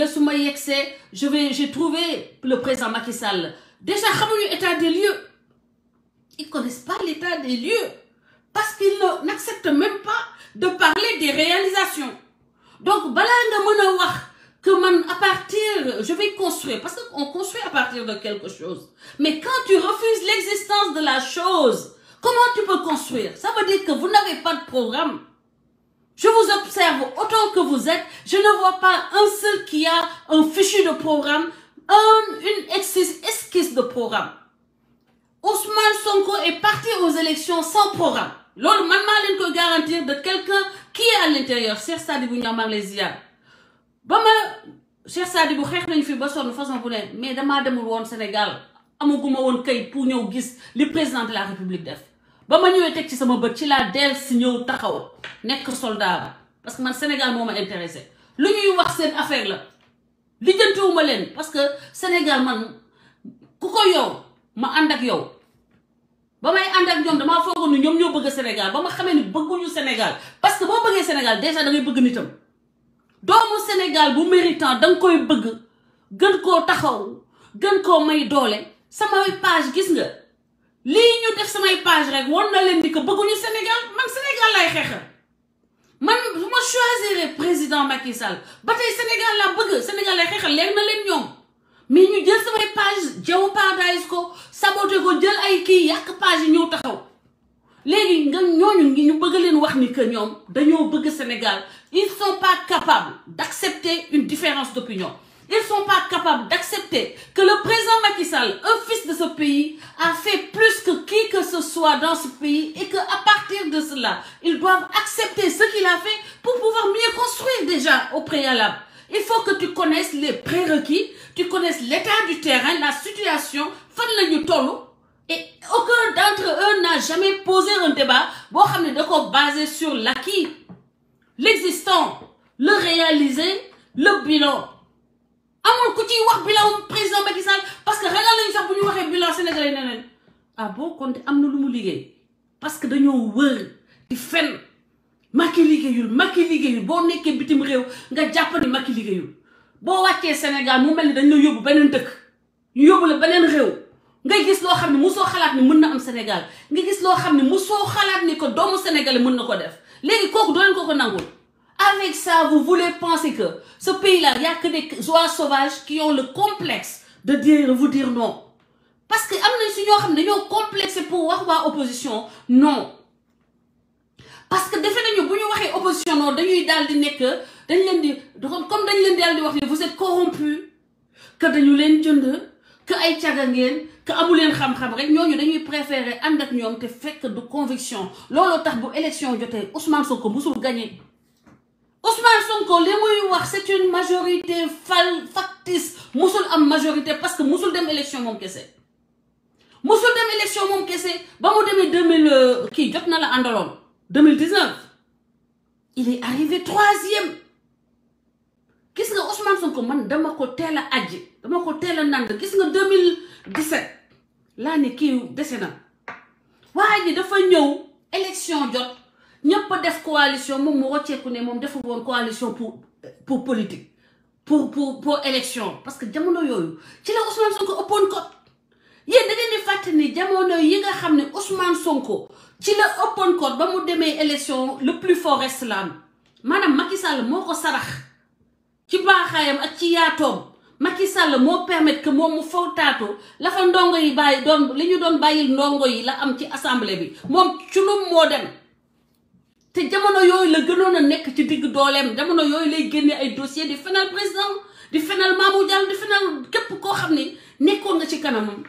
la su ma yegsee je vais j'ai trouvé le président Macky Sall déjà xamuñu état des lieux ils connaissent pas l'état des lieux parce qu'ils n'acceptent même pas de parler des réalisations donc balaa nga mën a wax que man à partir je vais construire parce que construit à partir de quelque chose mais quand tu refuses l'existence de la chose comment tu peux construire ça veut dire que vous n'avez pas de programme Je vous observe autant que vous êtes. Je ne vois pas un seul qui a un fichu de programme, un, une esquisse de programme. Ousmane Sonko est parti aux élections sans programme. loolu man maa leen ko garantir de quelqu'un qui est à l'intérieur Cheikh Sadibou ñaamar les ziar ba ma Cheikh Sadibou fi ba sonn façon bu ne mais damaa demul woon Sénégal amaguma woon kayit pour ñëw gis li président de la République def ba ma ñëwee teg ci sama bët ci laa del si ñëw taxaw nekk soldat ba parce que man Sénégal moo ma intéressé lu ñuy wax seen affaire la lijjantiwuma leen parce que Sénégal man ku ko yow ma ànd ak yow ba may ànd ak ñoom damaa foogoon ni ñoom ñoo bëgg Sénégal ba ma xamee ni bëgguñu Sénégal parce que boo bëggee Sénégal déjà da ngay bëgg nitam doomu Sénégal bu méritant da nga koy bëgg gën koo taxaw gën koo may doole samay page gis nga lii ñu def samay page rek won na leen ni que bëgguñu Sénégal man Sénégal lay xeexal man ma choisir président Macky Sall ba tey Sénégal laa bëgg Sénégal lay xeexal leer na leen ñoom mais ñu jël samay page jaw paradise ko saboté ko jël ay kii yàq page yi ñëw taxaw léegi nga ñooñu ngi ñu bëgg leen wax ni que ñoom dañoo bëgg Sénégal ils sont pas capables d'accepter une différence d'opinion ils sont pas capables d'accepter que le président Macky un fils de ce pays, a fait plus que qui que ce soit dans ce pays et que à partir de cela, ils doivent accepter ce qu'il a fait pour pouvoir mieux construire déjà au préalable. Il faut que tu connaisses les prérequis, tu connaisses l'état du terrain, la situation, fan la ñu toll et aucun d'entre eux n'a jamais posé un débat boo xam basé sur l'acquis, l'existant, le réalisé, le bilan. amoon ku ciy wax bilan président Macky Sall parce que ragal nañu sax bu ñu waxee bilan sénégalais ne leen ah bon kon te am na lu mu liggéey parce que dañoo wër di fen Macky liggéeyul Macky liggéeyul boo nekkee bitim réew nga jàpp ne Macky liggéeyul boo wàccee Sénégal mu mel ni dañ la yóbbu beneen dëkk ñu yóbbu la beneen réew ngay gis loo xam ne musoo xalaat ni mën na am Sénégal nga gis loo xam ne musoo xalaat ni ko doomu sénégalais mën na ko def léegi kooku doo leen ko ko nangul avec ça, vous voulez penser que ce pays-là, il n'y a que des oies sauvages qui ont le complexe de dire, vous dire non. Parce que nous avons un complexe pour avoir opposition. Non. Parce que nous avons opposition, nous avons comme di nous avons vous êtes corrompus, dañu leen jënd que ay caga ngeen que amu leen xam-xam rek ñooñu dañuy préférer ànd ak ñoom te fekk du conviction looloo tax bu élection jotee Ousmane Sonko musul gagné Ousmane Sonko li muy wax c'est une majorité fal factice musul am majorité parce que musul dem élection moom kese musul dem élection moom kese ba mu demee kii jot na la àndaloon deux mille dix-neuf il est arrivé troisième gis nga Ousmane Sonko man dama ko teel a ajji dama ko teel a nand gis nga deux mille dix-sept laa ne kii dese na waaye dafa ñëw élection jot ñëpp def coalition moom mu rocceeku ne moom deful woon coalition pour pour politique pour pour pour élection parce que jamono yooyu ci la Ousmane Sonko ëppoon code yéen da ngeen di fàttali ni jamono yi nga xam ne Ousmane Sonko ci la ëppoon code ba mu demee élection le plus fort reste la am maanaam Macky Sall moo ko sarax ci baaxaayam ak ci yaatoom Macky Sall moo permettre que moom mu fawtaatoo la fa ndongo yi bàyyi doon li ñu doon bàyyil ndongo yi la am ci assemblée bi moom culum moo dem. te jamono yooyu la gënoon a nekk ci diggu dooleem jamono yooyu lay génne ay dossier di fenal président di fenal Mamour Diallo di fenal képp koo xam ne nekkoon nga ci kanamam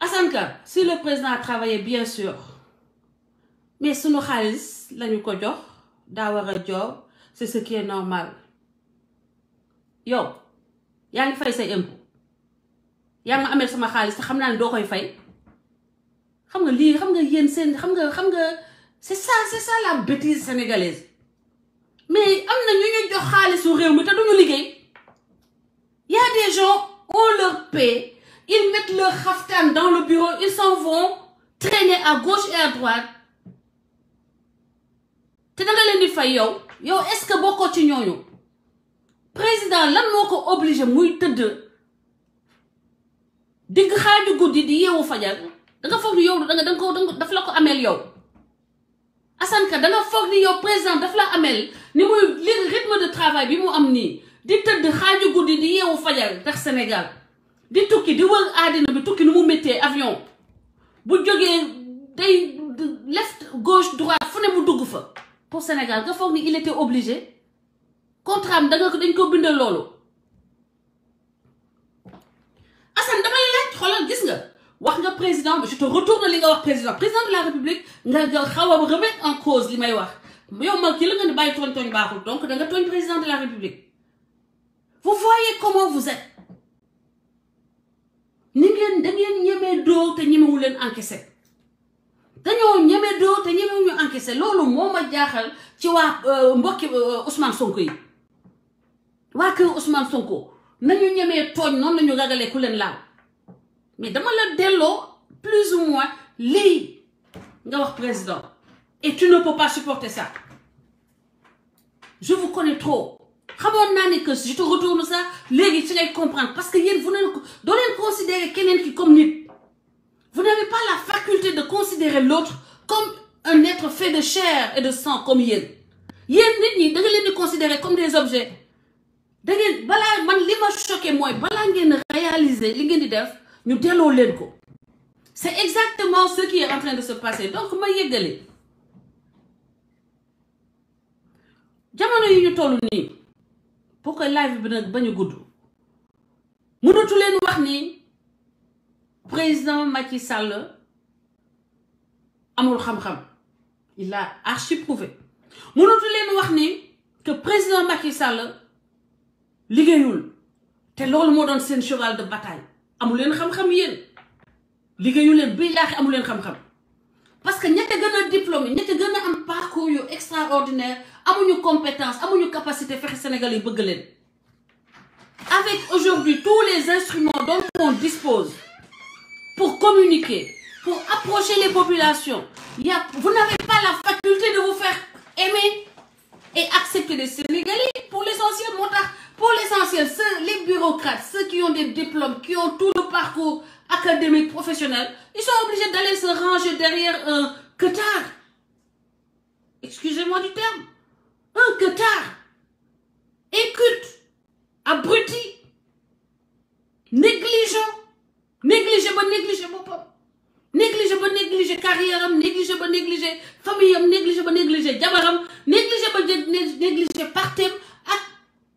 Assane Ka si le président a travaillé bien sûr mais sunu xaalis lañu ko jox daa war a jox c'est ce qui normal yow yaa ngi fay say impôt yaa ngi amee sama xaalis te xam naa ne doo koy fay xam nga lii xam nga yéen seen xam nga xam nga c'est ça c'est ça la bêtise sénégalaise mais am na ñu ñu jox xaalisu réew mi te duñu liggéey y a des leur paie ils mettent leur xaftaan dans le bureau ils s'en vont traîner à gauche et à droite te da leen di fay yow yow est-ce que bokkoo ci ñooñu président lan moo ko obligé muy tëdd digg xaaju guddi di yeewu fajar danga foog ni yow danga danga ko daf la ko ameel yow Assane Ka danga foog ni yow président daf la ameel ni muy li de travail bi mu am nii di tëdd xaaju guddi di yeewu fajar tax Sénégal di tukki di wër àddina bi tukki nu mu méttee avion bu jógee day left gauche droite fu ne mu dugg fa pour Sénégal nga foog ni il obligé contrat am ko dañ ko bindal loolu Assane damay laaj xoolal gis nga wax nga président bi je te retourne li nga wax président président de la république nga nga xaw a remettre en cause li may wax yow ma ki la nga ne bàyyi tooñ tooñ baaxul donc da nga tooñ président de la république vous voyez comment vous êtes ni ngeen da ngeen ñemee te ñemewu leen encaissé dañoo ñeme dóor te ñemewuñu encaissé loolu moo ma jaaxal ci waa euh, mbokki euh, Ousmane Sonko yi waa kër Ousmane Sonko nañu ñemee tooñ noonu lañu ragalee ku leen laal mais dama la delloo plus ou moins lii nga wax président et tu ne peux pas supporter ça je vous connais trop naa ne que je te retourne ça léegi ci ngay comprendre parce que yéen vous ne doo leen considérer keneen ki comme nit vous n'avez pas la faculté de considérer l'autre comme un être fait de chair et de sang comme yéen yéen nit ñi da nga leen di considérer comme des objets da ngeen balaa man li ma choqué mooy balaa ngeen réaliser li ngeen di def ñu delloo leen ko c'est exactement ce qui est en train de se passer donc ma yëgale jamono yu ñu toll nii pour que live bi nag bañ a gudd mënatu leen wax ni président ci Sall amul xam-xam il a archi prouvé leen wax ni que président Macky Sall liggéeyul te loolu moo doon seen cheval de bataille amu leen xam-xam yéen liggéeyu leen bii laaxi amu leen xam-xam parce que ñette gën a diplômé ñette gën a am parcours yu extraordinaire amuñu compétence amuñu capacité fexe Sénégal yi bëgg leen avec aujourd'hui tous les instruments dont on dispose pour communiquer pour approcher les populations y a vous n'avez pas la faculté de vous faire aimer et accepter les Sénégalais pour l'essentiel moo Pour l'essentiel, les bureaucrates, ceux qui ont des diplômes, qui ont tout le parcours académique, professionnel, ils sont obligés d'aller se ranger derrière un quetard. Excusez-moi du terme. Un quetard. Écute. Abruti. Négligent. Négligé ba négligé boppam. négligé ba négligé carrière am négligé ba négligé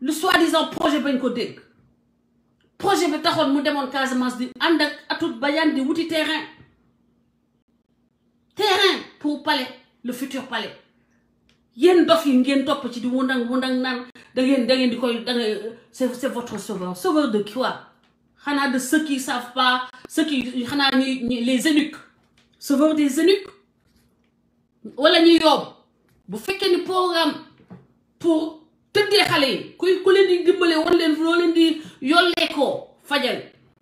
le soi-disant projet bañ ko dégg projet bi taxoon mu demoon Casamance di ànd ak Atout di wuti terrain terrain pour palais le futur palais yéen dof yi ngeen topp ci di wundang wundang naan da ngeen da di koy da ngeen c'est votre sauveur sauveur de quoi xanaa de ceux qui savent pas ceux qui xanaa ñuy les eunuques sauveur des eunuques wala ñu yoob bu fekkee ni programme pour. tëggee xale yi kuy ku leen di dimbale wan leen loo leen di yollee koo fajal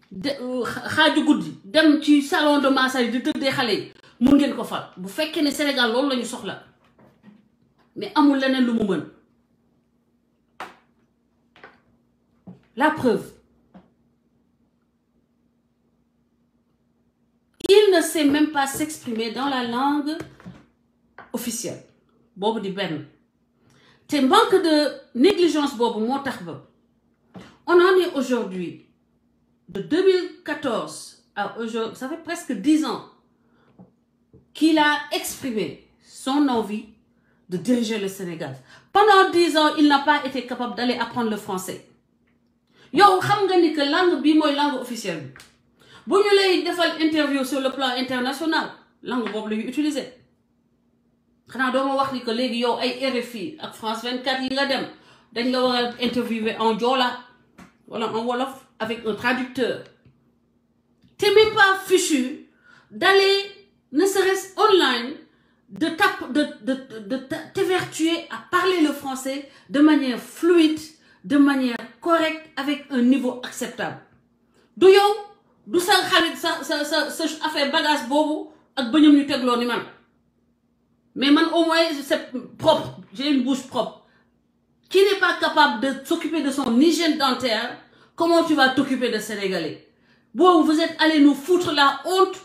de euh, xaaju guddi dem ci salon de massage di tëddee xale yi mun ngeen ko fal bu fekkee ne Sénégal loolu la soxla mais amul leneen lu mu mën la preuve il ne sait même pas s'exprimer dans la langue officielle boobu di benn te manque de négligence boobu moo tax ba on en est aujourd'hui de 2014 à aujourd'hui ça presque dix ans qu'il a exprimé son envie de diriger le Sénégal pendant dix ans il n'a pas été capable d'aller apprendre le français yow xam nga ni que langue bi mooy langue officielle bi bu ñu lay defal interview sur le plan international langue boobu la ñuy utiliser xanaa doo wax ni que léegi yow ay fii ak France 24 yi nga dem dañ la war a interviewer en joola wala en wolof avec un traducteur t'es même pas fichu d'aller ne serait-ce online de tap de de t'évertuer à parler le français de manière fluide de manière correcte avec un niveau acceptable du yow du sa xarit sa sa sa sa affaire bagage boobu ak ba ñoom ñu tegloo ni man Mais man, au moins, c'est propre. J'ai Qui n'est pas capable de s'occuper de son hygiène dentaire, comment tu vas t'occuper de Sénégalais Bon, vous êtes allés nous foutre la honte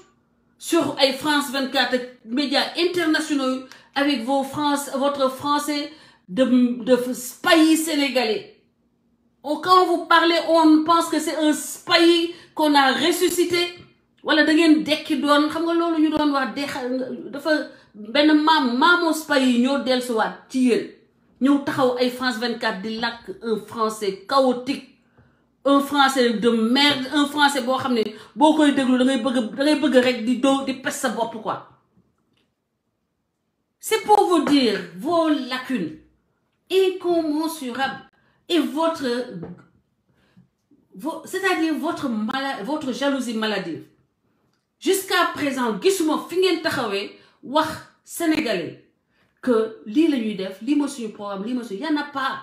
sur France 24, médias internationaux, avec vos France, votre français de, de pays sénégalais. Quand vous parlez, on pense que c'est un pays qu'on a ressuscité wala da ngeen dekki doon xam nga loolu ñu doon wax dex dafa benn maam maamos pay yi ñoo dellusiwaat ci yéen ñëw taxaw ay France 24 di làkk un français chaotique un français de merde un français boo xam ne boo koy déglu da ngay bëgg da bëgg rek di doo di pes sa bopp quoi c'est pour vous dire vos lacunes incommensurables à dire votre mala votre jalousie maladive jusqu'à présent gisuma fi ngeen taxawee wax sénégalais que lii la ñuy def lii mooy suñu programme lii mooy suñu y en a pas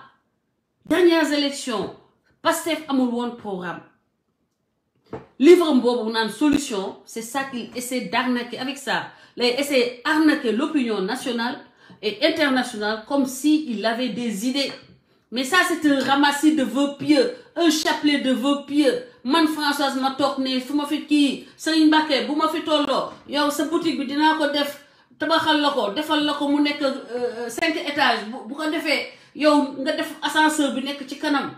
dernières élections Pastef amul woon programme livre boobu naan solution c'est ça qu'il essaie d'arnaquer avec ça lay essaie arnaquer l'opinion nationale et internationale comme si il avait des idées mais ça c'est un ramassis de vœux pieux un chapelet de vœux pieux man Françoise ma toog ne fu ma fi kii Sëriñ Mbàkke bu ma fi tolloo yow sa boutique bi dinaa ko def tabaxal la ko defal la ko mu nekk euh, cinq étages bu ko defee yow nga def ascenseur bi nekk ci kanam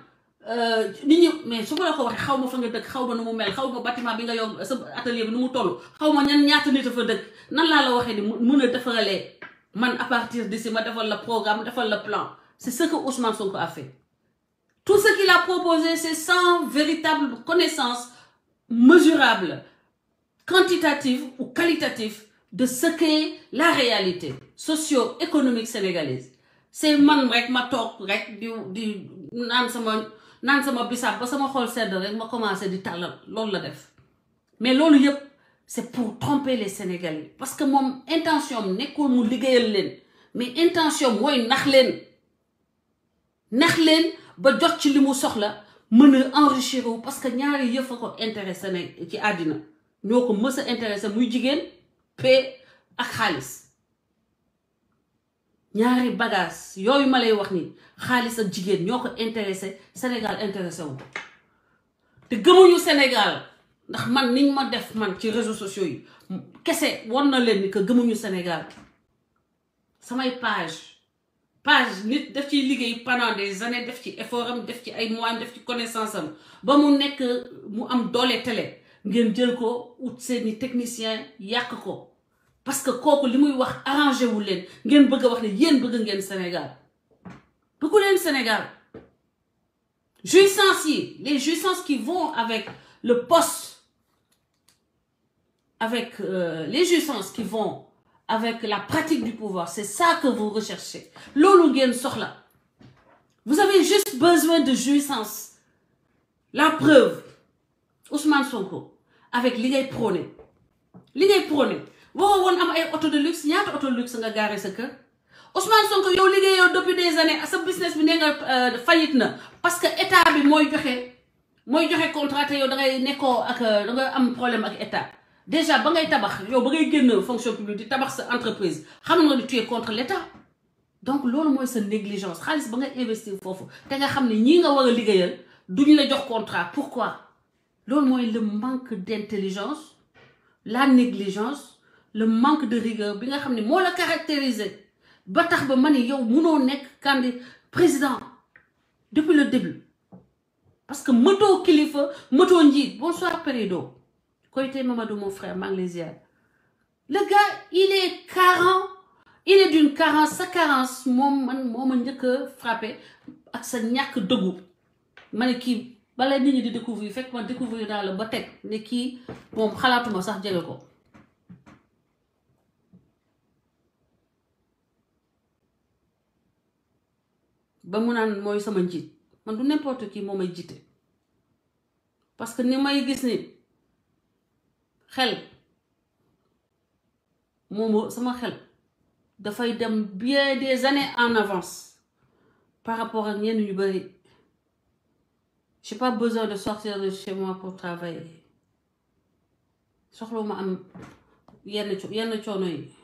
euh, nit ñi mais su ma la ko waxee xaw ma fa nga dëkk xaw ma nu mu mel xaw ma bâtiment bi nga yow sa atelier bi nu mu toll xaw ma ñan ñaata nit a fa dëkk nan laa la waxee di ni mun a defarale man à partir d'ici ma defal la programme defal la plan c'est ce que Ousmane Sonko a fait Tout ce qu'il a proposé, c'est sans véritable connaissance mesurable, quantitative ou qualitative de ce qu'est la réalité socio-économique sénégalaise. C'est man rek ma toog rek di di naan sama naan sama bisaab ba sama xol sedd rek ma commencé di tàllal loolu la def mais loolu yëpp c'est pour tromper les Sénégalais parce que moom intention am nekkul mu liggéeyal leen mais intention mooy nax leen neex leen ba jot ci li mu soxla mën a enrichir wu parce que ñaari yëf a ko intéressé ne ci àddina ñoo ko mës a muy jigéen paix ak xaalis ñaari bagage yooyu ma lay wax nii xaalis ak jigéen ñoo ko intéressé Sénégal intéressé wu te gëmuñu Sénégal ndax man niñ ma def man ci réseau sociaux yi kese won na leen ni que gëmuñu Sénégal samay page page nit daf ciy liggéey pendant des années def ci effort am def ci ay moyens def ci connaissance am ba mu nekk mu am doole télé ngeen jël ko ut seeni technicien yàq ko parce que kooku li muy wax arrangé wu leen ngeen bëgg wax ne yéen bëgg ngeen Sénégal bëggu leen Sénégal jouissances yi les jouissances qui vont avec le post avec euh, les jouissances qui vont avec la pratique du pouvoir c'est ça que vous recherchez loolu ngeen soxla vous avez juste besoin de jouissance la preuve Ousmane Sonko avec li ngay prôné li ngay prôné waroo woon am ay auto de luxe ñaata auto de luxe nga garé sa kër Ousmane Sonko yow liggéey depuis des années sa business bi nee nga euh, faillite na parce que état bi mooy joxe mooy joxe contrat te yow dangay nekkoo ak euh, dangay am problème ak état. déjà ba ngay tabax yow ba ngay génn fonction publique di tabax sa entreprise xam nga ni tu es contre l'État donc loolu mooy sa négligence xaalis ba ngay investir foofu te nga xam ne ñii nga war a liggéeyal duñu la jox contrat pourquoi loolu mooy le manque d'intelligence la négligence le manque de rigueur bi nga xam ne moo la caractériser ba tax ba ma ne yow munoo nekk kandi président depuis le début parce que mëtoo kilifa mëtoo njiit bonsoir Pérédo Koyte Mamadou, mon frère, Manglésia. Le gars, il est carent. Il est d'une carence. Sa carence, mon man, que frappé. Ak sa ñak degou. Mané ki, balé nit ñi di découvrir, fekk man découvrir dans le botek, né ki bon xalatuma sax jëlé ko. ba mu naan mooy sama njiit man du n'importe qui moo may jiite parce que ni may gis ni xel moomoo sama xel dafay dem bien des années en avance par rapport ak ñenn yu bari j'ai pas besoin de sortir de chez pour travailler soxluma am yenn yenn coono yi